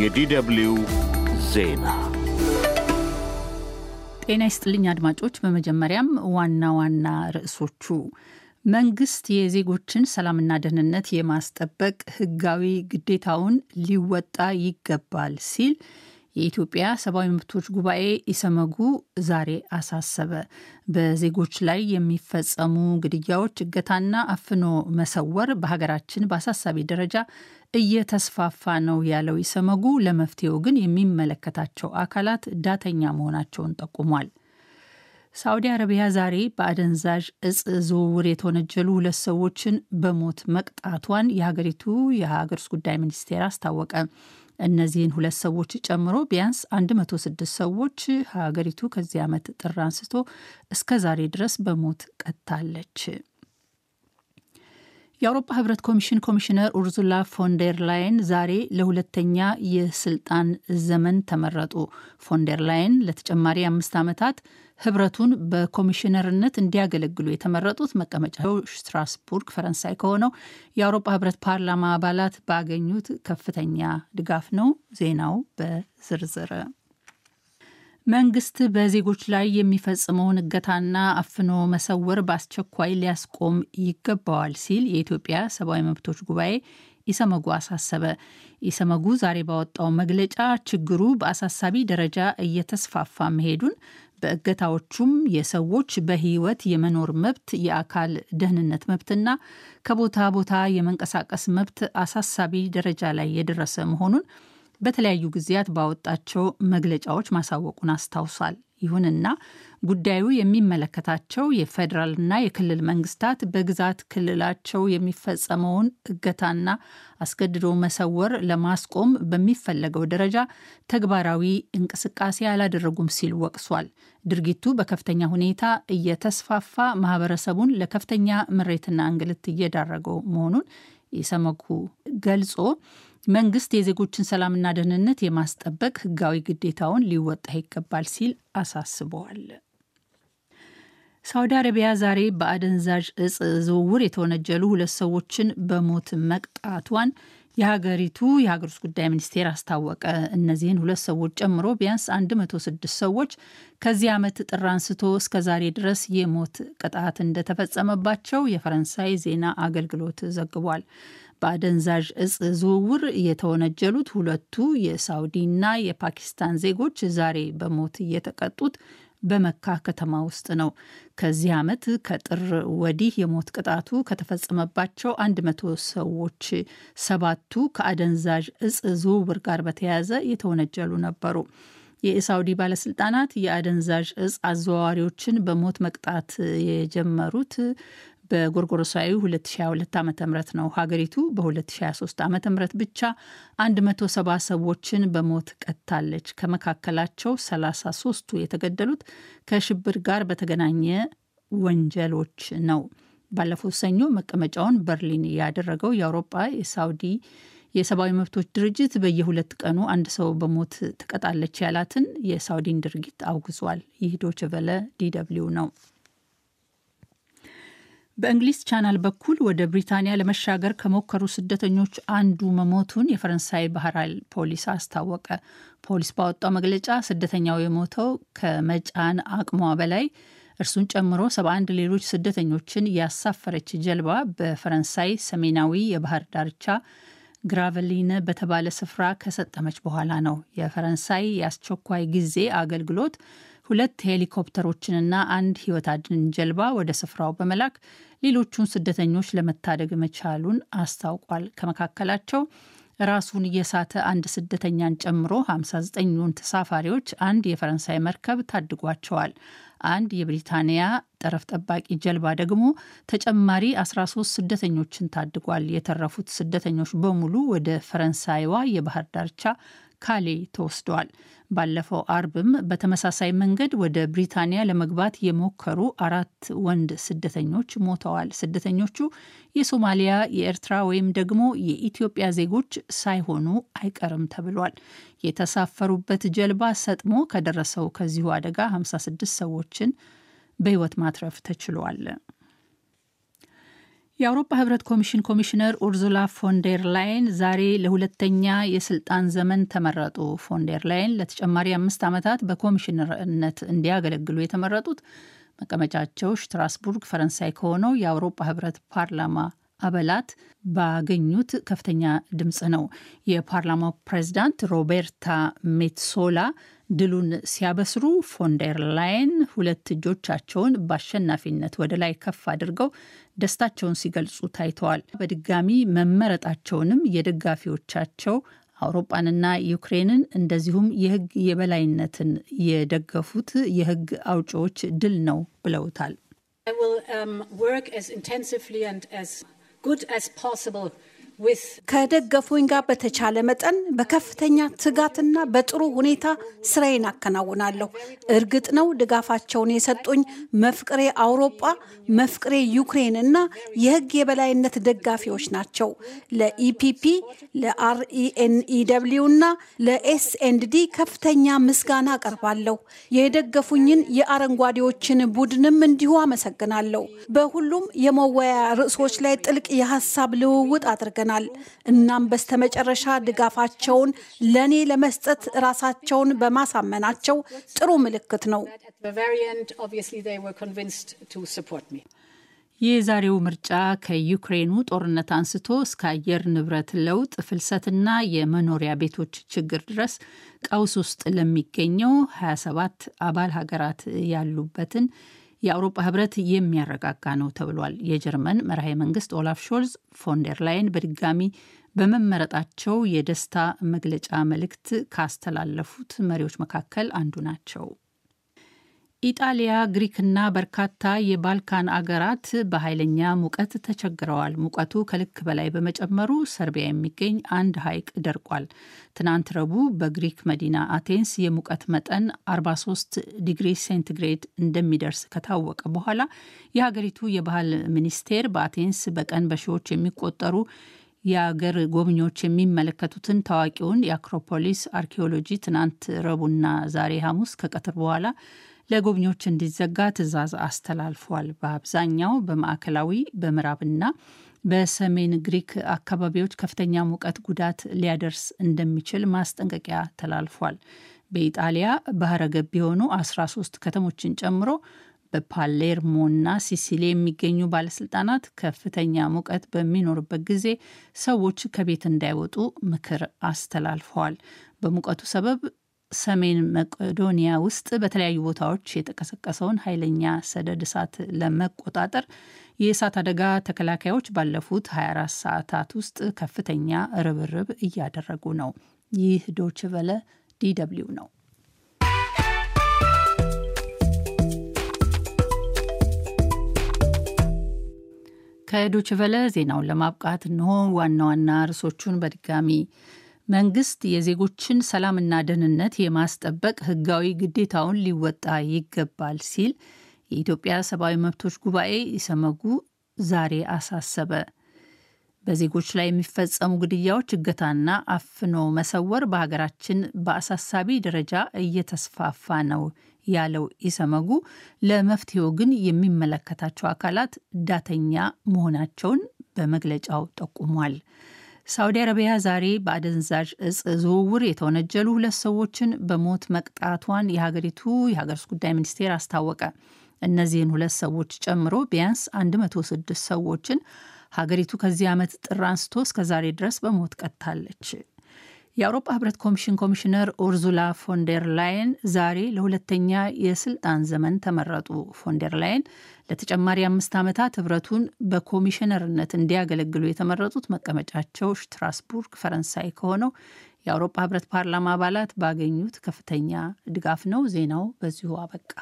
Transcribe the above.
የዲደብልዩ ዜና ጤና ይስጥልኝ አድማጮች። በመጀመሪያም ዋና ዋና ርዕሶቹ መንግስት የዜጎችን ሰላምና ደህንነት የማስጠበቅ ህጋዊ ግዴታውን ሊወጣ ይገባል ሲል የኢትዮጵያ ሰብአዊ መብቶች ጉባኤ ኢሰመጉ ዛሬ አሳሰበ። በዜጎች ላይ የሚፈጸሙ ግድያዎች፣ እገታና አፍኖ መሰወር በሀገራችን በአሳሳቢ ደረጃ እየተስፋፋ ነው ያለው ኢሰመጉ ለመፍትሄው ግን የሚመለከታቸው አካላት ዳተኛ መሆናቸውን ጠቁሟል። ሳዑዲ አረቢያ ዛሬ በአደንዛዥ እጽ ዝውውር የተወነጀሉ ሁለት ሰዎችን በሞት መቅጣቷን የሀገሪቱ የሀገር ውስጥ ጉዳይ ሚኒስቴር አስታወቀ። እነዚህን ሁለት ሰዎች ጨምሮ ቢያንስ 106 ሰዎች ሀገሪቱ ከዚህ ዓመት ጥር አንስቶ እስከ ዛሬ ድረስ በሞት ቀጥታለች። የአውሮፓ ህብረት ኮሚሽን ኮሚሽነር ኡርዙላ ፎንደር ላይን ዛሬ ለሁለተኛ የስልጣን ዘመን ተመረጡ። ፎንደርላይን ላይን ለተጨማሪ አምስት ዓመታት ህብረቱን በኮሚሽነርነት እንዲያገለግሉ የተመረጡት መቀመጫው ስትራስቡርግ ፈረንሳይ ከሆነው የአውሮፓ ህብረት ፓርላማ አባላት ባገኙት ከፍተኛ ድጋፍ ነው። ዜናው በዝርዝር መንግስት በዜጎች ላይ የሚፈጽመውን እገታና አፍኖ መሰወር በአስቸኳይ ሊያስቆም ይገባዋል ሲል የኢትዮጵያ ሰብአዊ መብቶች ጉባኤ ኢሰመጉ አሳሰበ። ኢሰመጉ ዛሬ ባወጣው መግለጫ ችግሩ በአሳሳቢ ደረጃ እየተስፋፋ መሄዱን በእገታዎቹም የሰዎች በህይወት የመኖር መብት፣ የአካል ደህንነት መብትና ከቦታ ቦታ የመንቀሳቀስ መብት አሳሳቢ ደረጃ ላይ የደረሰ መሆኑን በተለያዩ ጊዜያት ባወጣቸው መግለጫዎች ማሳወቁን አስታውሷል። ይሁንና ጉዳዩ የሚመለከታቸው የፌዴራልና የክልል መንግስታት በግዛት ክልላቸው የሚፈጸመውን እገታና አስገድዶ መሰወር ለማስቆም በሚፈለገው ደረጃ ተግባራዊ እንቅስቃሴ አላደረጉም ሲል ወቅሷል። ድርጊቱ በከፍተኛ ሁኔታ እየተስፋፋ ማህበረሰቡን ለከፍተኛ ምሬትና እንግልት እየዳረገው መሆኑን ኢሰመጉ ገልጾ መንግስት የዜጎችን ሰላምና ደህንነት የማስጠበቅ ህጋዊ ግዴታውን ሊወጣ ይገባል ሲል አሳስበዋል። ሳውዲ አረቢያ ዛሬ በአደንዛዥ እጽ ዝውውር የተወነጀሉ ሁለት ሰዎችን በሞት መቅጣቷን የሀገሪቱ የሀገር ውስጥ ጉዳይ ሚኒስቴር አስታወቀ። እነዚህን ሁለት ሰዎች ጨምሮ ቢያንስ 106 ሰዎች ከዚህ ዓመት ጥር አንስቶ እስከ ዛሬ ድረስ የሞት ቅጣት እንደተፈጸመባቸው የፈረንሳይ ዜና አገልግሎት ዘግቧል። በአደንዛዥ እጽ ዝውውር የተወነጀሉት ሁለቱ የሳውዲና የፓኪስታን ዜጎች ዛሬ በሞት እየተቀጡት በመካ ከተማ ውስጥ ነው። ከዚህ ዓመት ከጥር ወዲህ የሞት ቅጣቱ ከተፈጸመባቸው 100 ሰዎች ሰባቱ ከአደንዛዥ እጽ ዝውውር ጋር በተያያዘ የተወነጀሉ ነበሩ። የሳውዲ ባለስልጣናት የአደንዛዥ እጽ አዘዋዋሪዎችን በሞት መቅጣት የጀመሩት በጎርጎሮሳዊ 2022 ዓ ም ነው ሀገሪቱ በ2023 ዓ ም ብቻ 170 ሰዎችን በሞት ቀጥታለች። ከመካከላቸው 33ቱ የተገደሉት ከሽብር ጋር በተገናኘ ወንጀሎች ነው። ባለፈው ሰኞ መቀመጫውን በርሊን ያደረገው የአውሮጳ የሳውዲ የሰብአዊ መብቶች ድርጅት በየሁለት ቀኑ አንድ ሰው በሞት ትቀጣለች ያላትን የሳውዲን ድርጊት አውግዟል። ይህ ዶችቨለ ዲደብሊው ነው። በእንግሊዝ ቻናል በኩል ወደ ብሪታንያ ለመሻገር ከሞከሩ ስደተኞች አንዱ መሞቱን የፈረንሳይ ባህራል ፖሊስ አስታወቀ። ፖሊስ ባወጣው መግለጫ ስደተኛው የሞተው ከመጫን አቅሟ በላይ እርሱን ጨምሮ 71 ሌሎች ስደተኞችን ያሳፈረች ጀልባ በፈረንሳይ ሰሜናዊ የባህር ዳርቻ ግራቨሊን በተባለ ስፍራ ከሰጠመች በኋላ ነው። የፈረንሳይ የአስቸኳይ ጊዜ አገልግሎት ሁለት ሄሊኮፕተሮችንና አንድ ህይወት አድን ጀልባ ወደ ስፍራው በመላክ ሌሎቹን ስደተኞች ለመታደግ መቻሉን አስታውቋል። ከመካከላቸው ራሱን የሳተ አንድ ስደተኛን ጨምሮ 59ኙን ተሳፋሪዎች አንድ የፈረንሳይ መርከብ ታድጓቸዋል። አንድ የብሪታንያ ጠረፍ ጠባቂ ጀልባ ደግሞ ተጨማሪ 13 ስደተኞችን ታድጓል። የተረፉት ስደተኞች በሙሉ ወደ ፈረንሳይዋ የባህር ዳርቻ ካሌ ተወስዷል። ባለፈው አርብም በተመሳሳይ መንገድ ወደ ብሪታንያ ለመግባት የሞከሩ አራት ወንድ ስደተኞች ሞተዋል። ስደተኞቹ የሶማሊያ፣ የኤርትራ ወይም ደግሞ የኢትዮጵያ ዜጎች ሳይሆኑ አይቀርም ተብሏል። የተሳፈሩበት ጀልባ ሰጥሞ ከደረሰው ከዚሁ አደጋ 56 ሰዎችን በሕይወት ማትረፍ ተችሏል። የአውሮፓ ህብረት ኮሚሽን ኮሚሽነር ኡርዙላ ፎንዴር ላይን ዛሬ ለሁለተኛ የስልጣን ዘመን ተመረጡ። ፎንዴር ላይን ለተጨማሪ አምስት ዓመታት በኮሚሽነርነት እንዲያገለግሉ የተመረጡት መቀመጫቸው ሽትራስቡርግ ፈረንሳይ ከሆነው የአውሮፓ ህብረት ፓርላማ አባላት ባገኙት ከፍተኛ ድምፅ ነው። የፓርላማው ፕሬዚዳንት ሮቤርታ ሜትሶላ ድሉን ሲያበስሩ ፎንደር ላይን ሁለት እጆቻቸውን በአሸናፊነት ወደ ላይ ከፍ አድርገው ደስታቸውን ሲገልጹ ታይተዋል። በድጋሚ መመረጣቸውንም የደጋፊዎቻቸው አውሮፓንና ዩክሬንን እንደዚሁም የሕግ የበላይነትን የደገፉት የሕግ አውጪዎች ድል ነው ብለውታል። um, ከደገፉኝ ጋር በተቻለ መጠን በከፍተኛ ትጋትና በጥሩ ሁኔታ ስራዬን አከናውናለሁ። እርግጥ ነው ድጋፋቸውን የሰጡኝ መፍቅሬ አውሮጳ፣ መፍቅሬ ዩክሬን እና የህግ የበላይነት ደጋፊዎች ናቸው። ለኢፒፒ፣ ለአርኢኤንኢደብሊው እና ለኤስኤንድዲ ከፍተኛ ምስጋና አቀርባለሁ። የደገፉኝን የአረንጓዴዎችን ቡድንም እንዲሁ አመሰግናለሁ። በሁሉም የመወያያ ርዕሶች ላይ ጥልቅ የሀሳብ ልውውጥ አድርገናል። አድርገናል። እናም በስተመጨረሻ ድጋፋቸውን ለእኔ ለመስጠት ራሳቸውን በማሳመናቸው ጥሩ ምልክት ነው። የዛሬው ምርጫ ከዩክሬኑ ጦርነት አንስቶ እስከ አየር ንብረት ለውጥ ፍልሰትና የመኖሪያ ቤቶች ችግር ድረስ ቀውስ ውስጥ ለሚገኘው 27 አባል ሀገራት ያሉበትን የአውሮፓ ህብረት የሚያረጋጋ ነው ተብሏል። የጀርመን መርሃ መንግስት ኦላፍ ሾልዝ ፎንደር ላይን በድጋሚ በመመረጣቸው የደስታ መግለጫ መልእክት ካስተላለፉት መሪዎች መካከል አንዱ ናቸው። ኢጣሊያ፣ ግሪክና በርካታ የባልካን አገራት በኃይለኛ ሙቀት ተቸግረዋል። ሙቀቱ ከልክ በላይ በመጨመሩ ሰርቢያ የሚገኝ አንድ ሐይቅ ደርቋል። ትናንት ረቡዕ በግሪክ መዲና አቴንስ የሙቀት መጠን 43 ዲግሪ ሴንቲግሬድ እንደሚደርስ ከታወቀ በኋላ የሀገሪቱ የባህል ሚኒስቴር በአቴንስ በቀን በሺዎች የሚቆጠሩ የአገር ጎብኚዎች የሚመለከቱትን ታዋቂውን የአክሮፖሊስ አርኪኦሎጂ ትናንት ረቡና ዛሬ ሐሙስ ከቀትር በኋላ ለጎብኚዎች እንዲዘጋ ትዕዛዝ አስተላልፏል። በአብዛኛው በማዕከላዊ በምዕራብና በሰሜን ግሪክ አካባቢዎች ከፍተኛ ሙቀት ጉዳት ሊያደርስ እንደሚችል ማስጠንቀቂያ ተላልፏል። በኢጣሊያ ባህረ ገብ የሆኑ 13 ከተሞችን ጨምሮ በፓሌርሞና ሲሲሊ የሚገኙ ባለስልጣናት ከፍተኛ ሙቀት በሚኖርበት ጊዜ ሰዎች ከቤት እንዳይወጡ ምክር አስተላልፈዋል። በሙቀቱ ሰበብ ሰሜን መቄዶንያ ውስጥ በተለያዩ ቦታዎች የተቀሰቀሰውን ኃይለኛ ሰደድ እሳት ለመቆጣጠር የእሳት አደጋ ተከላካዮች ባለፉት 24 ሰዓታት ውስጥ ከፍተኛ ርብርብ እያደረጉ ነው። ይህ ዶችቨለ ዲ ደብልዩ ነው። ከዶችቨለ ዜናውን ለማብቃት እንሆ ዋና ዋና ርዕሶቹን በድጋሚ መንግስት የዜጎችን ሰላምና ደህንነት የማስጠበቅ ህጋዊ ግዴታውን ሊወጣ ይገባል ሲል የኢትዮጵያ ሰብአዊ መብቶች ጉባኤ ይሰመጉ ዛሬ አሳሰበ። በዜጎች ላይ የሚፈጸሙ ግድያዎች፣ እገታና አፍኖ መሰወር በሀገራችን በአሳሳቢ ደረጃ እየተስፋፋ ነው ያለው ኢሰመጉ ለመፍትሄው ግን የሚመለከታቸው አካላት ዳተኛ መሆናቸውን በመግለጫው ጠቁሟል። ሳውዲ አረቢያ ዛሬ በአደንዛዥ እጽ ዝውውር የተወነጀሉ ሁለት ሰዎችን በሞት መቅጣቷን የሀገሪቱ የሀገር ውስጥ ጉዳይ ሚኒስቴር አስታወቀ። እነዚህን ሁለት ሰዎች ጨምሮ ቢያንስ 106 ሰዎችን ሀገሪቱ ከዚህ ዓመት ጥር አንስቶ እስከ ዛሬ ድረስ በሞት ቀጥታለች። የአውሮፓ ህብረት ኮሚሽን ኮሚሽነር ኡርዙላ ፎንደር ላይን ዛሬ ለሁለተኛ የስልጣን ዘመን ተመረጡ። ፎንደር ላይን ለተጨማሪ አምስት ዓመታት ህብረቱን በኮሚሽነርነት እንዲያገለግሉ የተመረጡት መቀመጫቸው ስትራስቡርግ ፈረንሳይ ከሆነው የአውሮፓ ህብረት ፓርላማ አባላት ባገኙት ከፍተኛ ድጋፍ ነው። ዜናው በዚሁ አበቃ።